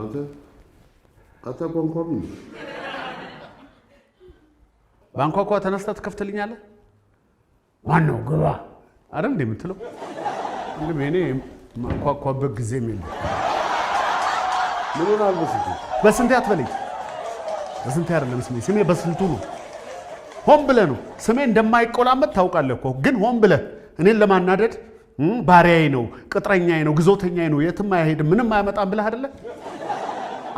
አንተ አንተ ኮንኮም ባንኳኳ ተነስተህ ትከፍትልኛለህ። ማን ነው ግባ አረ እንዴ የምትለው እንግዲህ እኔ ማንኳኳበት ጊዜ የሚል ምን ሆነ በስንቴ አትበለኝ። በስንቴ አይደለም ስሜ ስሜ በስንቱ ነው። ሆን ብለህ ነው ስሜ እንደማይቆላመጥ ታውቃለህ እኮ ግን ሆን ብለህ እኔን ለማናደድ ባሪያዬ ነው፣ ቅጥረኛዬ ነው፣ ግዞተኛዬ ነው፣ የትም አይሄድም፣ ምንም አያመጣም ብለህ አይደለም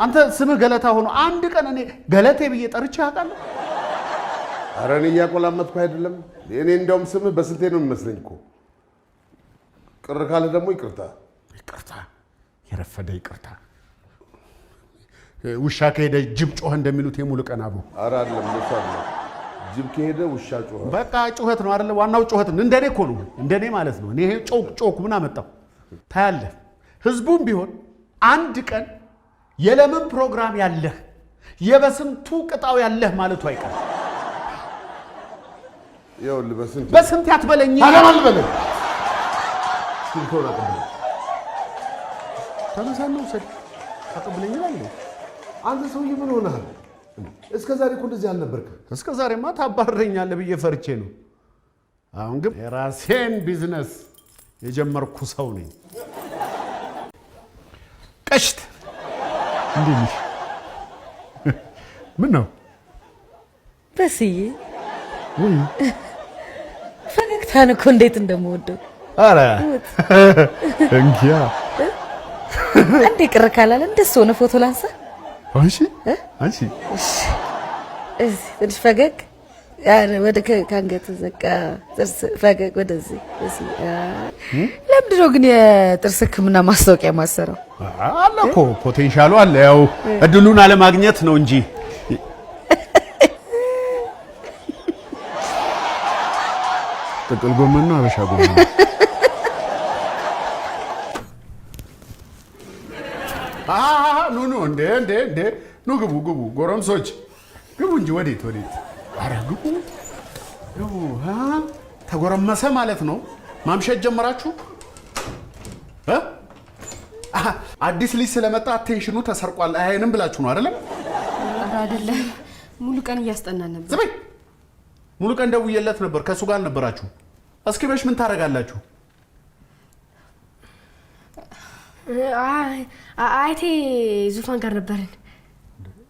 አንተ ስምህ ገለታ ሆኖ አንድ ቀን እኔ ገለቴ ብዬ ጠርቼ አውቃለሁ? ኧረ እኔ እያቆላመጥኩ አይደለም። እኔ እንደውም ስምህ በስንቴ ነው የሚመስለኝ እኮ። ቅር ካለ ደግሞ ይቅርታ፣ ይቅርታ፣ የረፈደ ይቅርታ። ውሻ ከሄደ ጅብ ጮኸ እንደሚሉት የሙሉቀን አብሮ። ኧረ አይደለም ጅብ ከሄደ ውሻ ጮኸ። በቃ ጩኸት ነው አይደለ? ዋናው ጩኸት ነው። እንደኔ እኮ ነው፣ እንደኔ ማለት ነው። እኔ ጮክ ጮክ ምን አመጣው ታያለህ። ህዝቡም ቢሆን አንድ ቀን የለምን ፕሮግራም ያለህ የበስንቱ ቅጣው ያለህ ማለቱ አይቀር። በስንት ያትበለኝ ተመሳነው ሰድ አቅብለኝ አቀብለኝ አንተ ሰውዬ ምን ሆነሃል? እስከ ዛሬ እኮ እንደዚህ አልነበርክ። እስከ ማ ታባርረኛለህ ብዬ ፈርቼ ነው። አሁን ግን የራሴን ቢዝነስ የጀመርኩ ሰው ነኝ። ቀሽት እንዴት ነሽ? ምን ነው በስዬ? ወይ ፈገግታን እኮ እንዴት እንደምወደው። ኧረ እንኪያ እንዴ ቅር ካላለ እንደሱ ሆነ ፎቶ ላንሳ። አንቺ አንቺ እሺ፣ እዚህ ትንሽ ፈገግ ወደ ከአንገት ዘቃ ጥርስ ፈገግ ወደዚህ ለምንድን ነው ግን የጥርስ ሕክምና ማስታወቂያ ማሰራው? አለ እኮ ፖቴንሻሉ አለ። ያው እድሉን አለማግኘት ነው እንጂ ጥቅል ጎመን ነው አበሻ ጎመን ኑ ኑ እንዴ እንዴ እንዴ ኑ ግቡ ግቡ፣ ጎረምሶች ግቡ እንጂ ወዴት ወዴት ኧረ ተጎረመሰ ማለት ነው። ማምሸት ጀመራችሁ። አዲስ ልጅ ስለመጣ አቴንሽኑ ተሰርቋል አይንም ብላችሁ ነው አይደለም? አይደለም። ሙሉ ቀን እያስጠናን ነበር። ዝም በይ። ሙሉ ቀን ደውዬለት ነበር። ከእሱ ጋር አልነበራችሁ። እስኪ መሽ ምን ታደርጋላችሁ? አይቴ ዙፋን ጋር ነበርን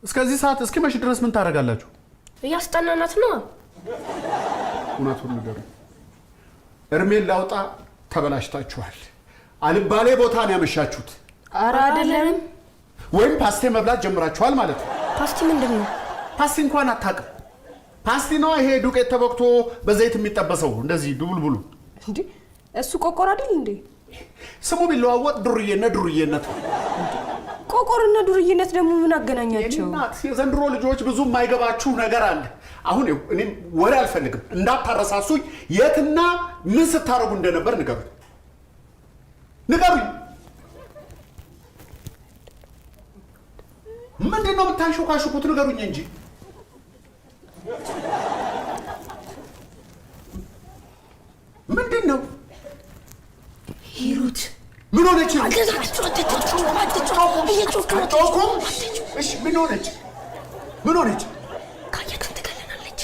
እስከዚህ ሰዓት። እስኪ መሽ ድረስ ምን ታደርጋላችሁ? እያስጠናናት ነው። እውነቱን ንገሩ። እርሜን ላውጣ። ተበላሽታችኋል። አልባሌ ቦታ ነው ያመሻችሁት። አረ አይደለም። ወይም ፓስቴ መብላት ጀምራችኋል ማለት ነው። ፓስቲ ምንድን ነው? ፓስቲ እንኳን አታውቅም። ፓስቲ ነው ይሄ ዱቄት ተቦክቶ በዘይት የሚጠበሰው እንደዚህ ዱቡልቡሉ። እንዴ እሱ ቆቆር አይደል እንዴ? ስሙ ቢለዋወጥ ዱርዬነት ዱርዬነት ነው። ቆቆርና ዱርዬነት ደግሞ ምን አገናኛቸው? የዘንድሮ ልጆች ብዙ የማይገባችሁ ነገር አለ። አሁን እኔ ወሬ አልፈልግም፣ እንዳታረሳሱኝ። የትና ምን ስታደርጉ እንደነበር ንገሩኝ፣ ንገሩኝ። ምንድን ነው የምታንሾካሹኩት? ንገሩኝ እንጂ ምንድን ነው? ሂሩት ምን ሆነች? ምን ሆነች? ምን ሆነች? ትገለናለች።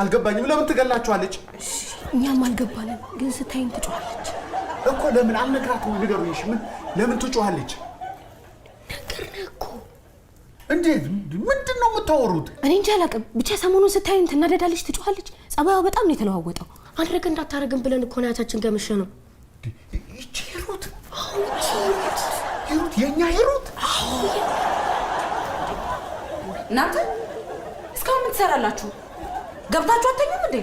አልገባኝም። ለምን ትገላችኋለች? እኛም አልገባንም፣ ግን ስታይን ትጮኋለች እኮ። ለምን አልነግራትም? ምን ለምን ትጮኋለች? እንዴት? ምንድን ነው የምታወሩት? እኔ እንጃ አላውቅም። ብቻ ሰሞኑን ስታይን ትናደዳለች፣ ትጮኋለች። ጸባዩ በጣም ነው የተለዋወጠው። አንድ እንዳታረግም ብለን እኮ ናያታችን ገምሸ ነው ይቼሩት የእኛ ሂሩት እናንተ እስካሁን ምን ትሰራላችሁ? ገብታችሁ አተኙም እንዴ?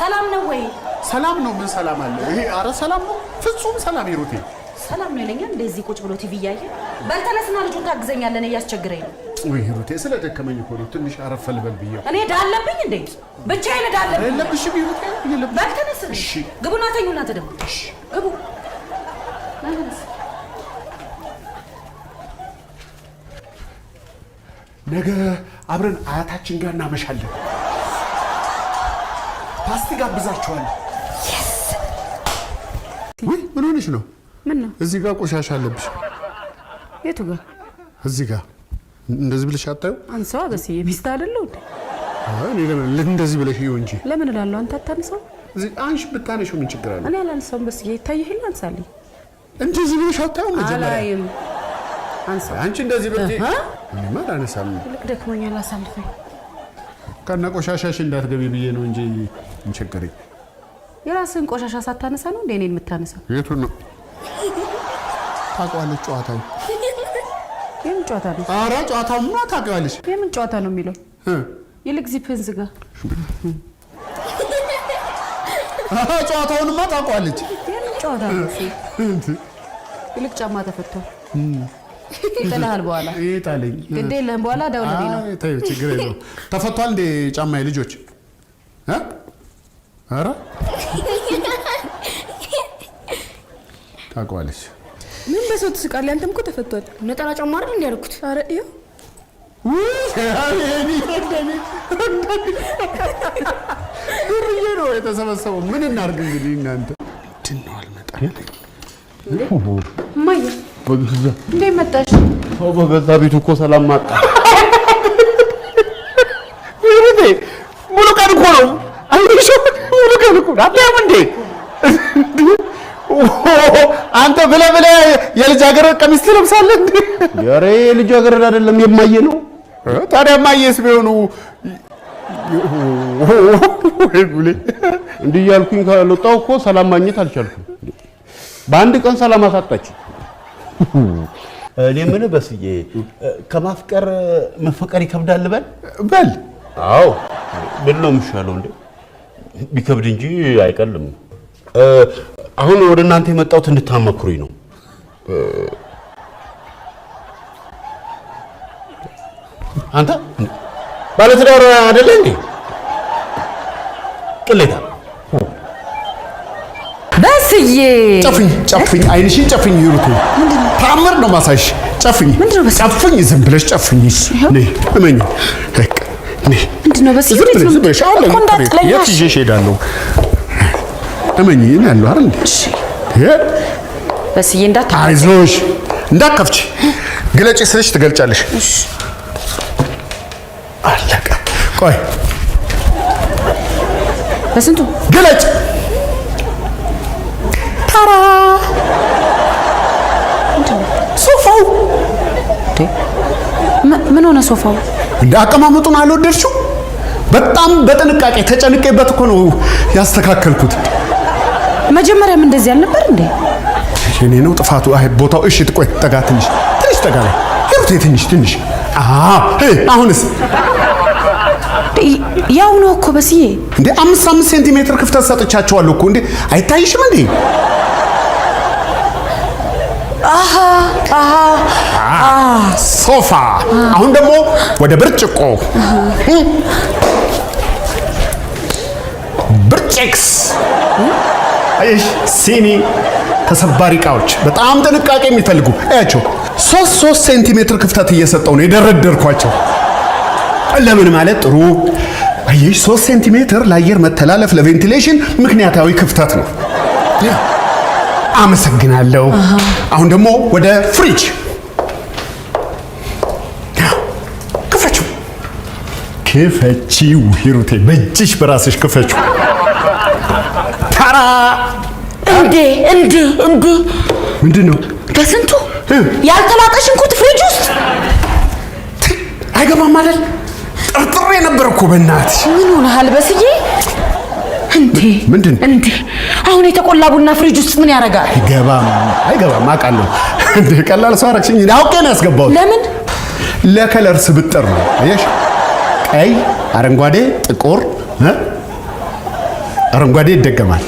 ሰላም ነው ወይ? ሰላም ነው። ምን ሰላም አለ? ይሄ አረ ሰላም ነው፣ ፍጹም ሰላም። ሂሩቴ ሰላም ነው ይለኛል እንደዚህ ቁጭ ብሎ ቲቪ እያየ በልተነስና ልጁን ታግዘኛለን እያስቸግረኝ ነው ወይ ሂሩቴ፣ ስለ እኮ ነው። ትንሽ አረፍ ልበል ብዬ እኔ ዳለብኝ እንዴ? ብቻዬን ዳለብኝ። የለብሽም ሂሩቴ፣ የለብሽም። በል ተነስ። እሺ፣ ግቡና ተኙ። እናንተ ደግሞ እሺ፣ ግቡ። ነገ አብረን አያታችን ጋር እናመሻለን። ፓስቲ ጋብዛችኋለሁ። ውይ ምን ሆነሽ ነው? ምን ነው? እዚህ ጋር ቆሻሻ አለብሽ። የቱ ጋር? እዚህ ጋር እንደዚህ ብለሽ አታዩ አንሳው አገስዬ ሚስት አይደለሁ እኔ ለምን እንደዚህ ብለሽ ይሁን እንጂ ለምን እላለሁ አንተ አታንሳው አንሽ ብታነሽው ምን ችግር አለ እኔ አላንሳውም በስዬ ይታይህል አንሳልኝ እንደዚህ ብለሽ አታዩ አላይም አንሳው አንቺ እንደዚህ ብለሽ እኔ እኔማ አላነሳም ልክ ደክሞኛል አሳልፈኝ ከነ ቆሻሻሽ እንዳትገቢ ብዬ ነው እንጂ እንቸገረኝ የራስን ቆሻሻ ሳታነሳ ነው እንደ እኔን የምታነሳው የቱን ነው ታውቀዋለች ጨዋታው የምን ጨዋታ ነው? ኧረ ጨዋታው ምን ታውቂዋለሽ? የምን ጨዋታ ነው የሚለው ይልቅ ዚፕን ፔንዝ ጋር ጨዋታውንማ ታውቀዋለች። የምን ጨዋታ ነው? ይልቅ ጫማ ተፈቷል። ይጥልሃል በኋላ ይጣለኝ ግዴ የለህም በኋላ ዳውለኝ ነው ችግር የለውም ተፈቷል እንዴ ጫማ ልጆች ኧረ ታውቀዋለች ምን በሰው ትስቃለህ? አንተም እኮ ተፈቷል። ነጠላ ጫማ አይደል እንዴ አረ እዩ ነው የተሰበሰበው። ምን እናድርግ እንግዲህ እናንተ መጣሽ? በገዛ ቤቱ እኮ ሰላም ማጣ ሙሉ ቀን እኮ ነው። አይሽ ሙሉ ቀን እኮ ነው። እንዴ አንተ ብለ ብለ የልጃገረድ ቀሚስ ትለብሳለህ እንዴ? ኧረ የልጃገረድ አይደለም የማየ ነው። ታዲያ ማየስ ቢሆኑ እንዲህ እያልኩኝ ካልወጣሁ እኮ ሰላም ማግኘት አልቻልኩም። በአንድ ቀን ሰላም አሳጣች። እኔ ምን በስዬ ከማፍቀር መፈቀር ይከብዳል በል በል። አዎ ምን ነው የሚሻለው እንዴ? ቢከብድ እንጂ አይቀልም። አሁን ወደ እናንተ የመጣሁት እንድታመክሩኝ ነው። አንተ ባለትዳር አይደለ እንዴ? ቅሌታ በስዬ ጨፍኝ፣ ጨፍኝ፣ አይንሽን ጨፍኝ። ይሩቱ ታምር ነው ማሳይሽ። ጨፍኝ፣ ጨፍኝ፣ ዝም ብለሽ ጨፍኝ። ነይ እመኝ። ምንድን ነው በስዬ? ዝም ብለሽ አሁን ለምን የት ይዤሽ እሄዳለሁ? እመኝ ያለው አይደል እንዴ? በስዬ እንዳታከፍቺ፣ አይዞሽ፣ እንዳትከፍቺ። ግለጪ ስልሽ ትገልጫለሽ። አለቀ። ቆይ በስንቱ ግለጭ። ታራ ሶፋው ምን ሆነ? ሶፋው እንደ አቀማመጡን አልወደድሽው? በጣም በጥንቃቄ ተጨንቄበት እኮ ነው ያስተካከልኩት። መጀመሪያም እንደዚህ አልነበር እንዴ? የኔ ነው ጥፋቱ። አይ ቦታው። እሺ ጥቆይ፣ ጠጋ፣ ትንሽ ትንሽ ጠጋ ላይ ይሩት፣ ትንሽ ትንሽ። አሁንስ ያው ነው እኮ በስዬ። እንዴ አምስት አምስት ሴንቲሜትር ክፍተት ሰጥቻቸዋለሁ እኮ እንዴ አይታይሽም እንዴ? ሶፋ። አሁን ደግሞ ወደ ብርጭቆ ብርጭክስ አይሽ ሲኒ ተሰባሪ እቃዎች በጣም ጥንቃቄ የሚፈልጉ አያቸው። ሶስት ሶስት ሴንቲሜትር ክፍተት እየሰጠው ነው የደረደርኳቸው። ለምን ማለት ጥሩ አይሽ ሶስት ሴንቲሜትር ለአየር መተላለፍ ለቬንቲሌሽን ምክንያታዊ ክፍተት ነው። አመሰግናለሁ። አሁን ደግሞ ወደ ፍሪጅ ክፈችው፣ ክፈቺው ሂሩቴ፣ በእጅሽ በራስሽ ክፈችው። ታራ እንዴ እንዴ እንዴ! ምንድን ነው ከስንቱ ያልተላጠ ሽንኩርት ፍሪጅ ውስጥ አይገባም ማለት ጥርጥሬ ነበር እኮ በእናትሽ። ምን ሆነሃል በስዬ? እንዴ ምንድን እንዴ! አሁን የተቆላ ቡና ፍሪጅ ውስጥ ምን ያደርጋል? አይገባም አይገባም፣ አውቃለሁ። እንዴ ቀላል ሰው አደረግሽኝ። አውቄ ነው ያስገባሁት። ለምን? ለከለር ስብጥር ነው። አየሽ፣ ቀይ፣ አረንጓዴ፣ ጥቁር። አረንጓዴ ይደገማል